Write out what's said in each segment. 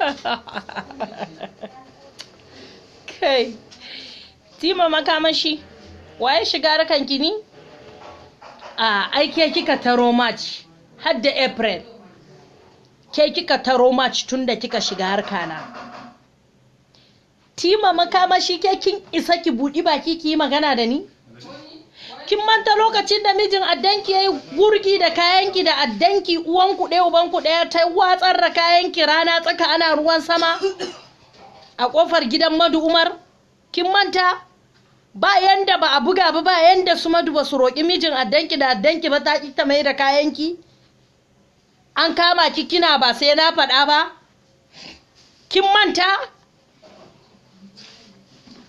kai timo makamashi waye shiga rakan kini a aike kika taro march har da april ke kika taro march tun da kika shiga harkana. na tima makamashi ke kin isa ki buɗi baki ki yi magana da ni kin manta lokacin da mijin addanki yayi gurgi da kayanki da addanki uwan ku ɗaya uban ku ɗaya ta watsar da kayanki rana tsaka ana ruwan sama a kofar gidan madu umar kin manta ba yanda ba a buga ba ba yanda su madu ba su roƙi mijin addanki da addanki ba ta ita mai da kayanki an kama ki kina ba sai na faɗa ba kin manta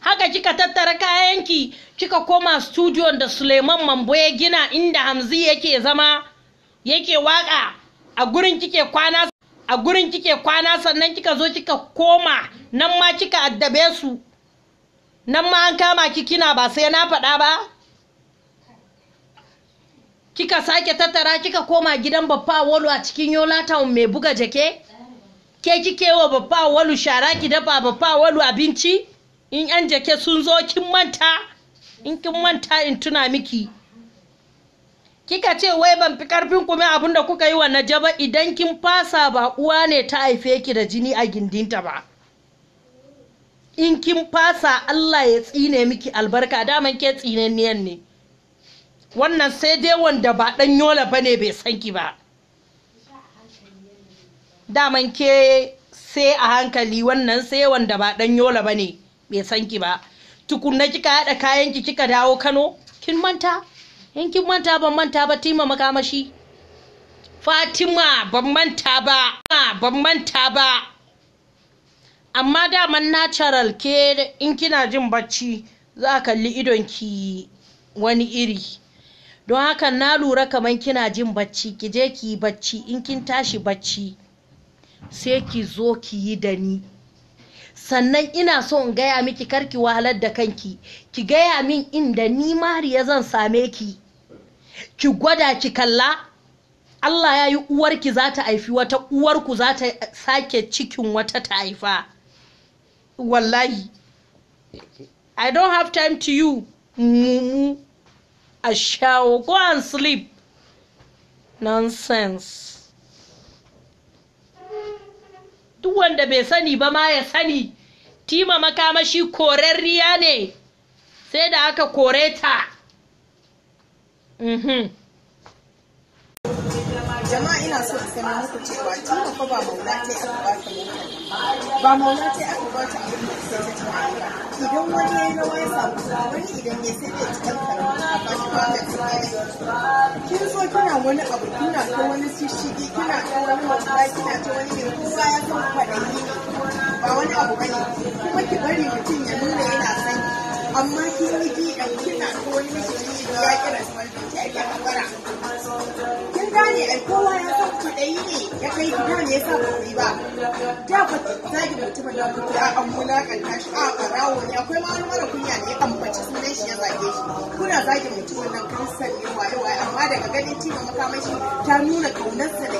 haka kika tattara kayanki kika koma studio da Suleiman Mambo ya gina inda Hamzi yake zama yake waka a gurin kike kwana a gurin kike kwana sannan kika zo kika koma nan ma kika addabe su nan ma an kama ki kina ba sai na faɗa ba kika sake tattara kika koma gidan baffa walu a cikin yola town mai buga jake ke kike wa babba walu shara ki dafa baffa walu abinci in yan jake sun zo kin manta in kin manta in tuna miki kika ce wai ban fi karfin kuma abin da kuka yi wa na jaba idan kin fasa ba uwa ne ta haife ki da jini a gindinta ba in kin fasa Allah ya tsine miki albarka daman ke tsinanniyan ne wannan sai dai wanda ba dan yola ba ne bai san ki ba daman ke sai a hankali wannan sai wanda ba dan yola ba ne bai san ki ba tukunna kika haɗa kayan ki kika dawo Kano kin manta in kin manta ban manta ba tima makamashi Fatima ban manta ba ban manta ba amma daman natural ke in kina jin bacci za a kalli ki wani iri don haka na lura kamar kina jin bacci ki je ki yi bacci in kin tashi bacci sai ki zo ki yi da ni sannan ina so in gaya miki karki wahalar da kanki ki gaya min inda ni mariya zan same ki ki gwada ki kalla Allah ya yi uwarki za ta haifi wata uwarku za ta sake cikin wata ta haifa wallahi I don't have time to you mumu a shawo go and sleep nonsense duk wanda bai sani ba ma ya sani tima makamashi koren riya ne sai da aka kore ta mhm. jama'a ina so a sanar muku cewa tun da ba maula ce aka ba ta mota ba maula ce aka ba ta abin da sai ta tunani ba idan wani ya yi rawa ya samu wani idan ya sai da ya cikar karama ba shi ba ga kin so kina wani abu kina ko wani kuna ta wani wata kina ta wani gida kowa ya san kwaɗayi ba wani abu bane kuma ki bari mutum ya nuna yana san amma kin yi ki dan kina ko wani miji ne ya kira su wani ki ake hakura kin gane ai kowa ya san kwaɗayi ne ya kai gida me yasa sa ba ku yi ba da ba zagi mutum da ku ya an mulakanta shi a karawo ne akwai ma wani mara kunya ne ya ambaci sunan shi ya zage shi kuna zagi mutum nan kun sanne waye waye amma daga ganin cikin makamashi ta nuna kaunarsa da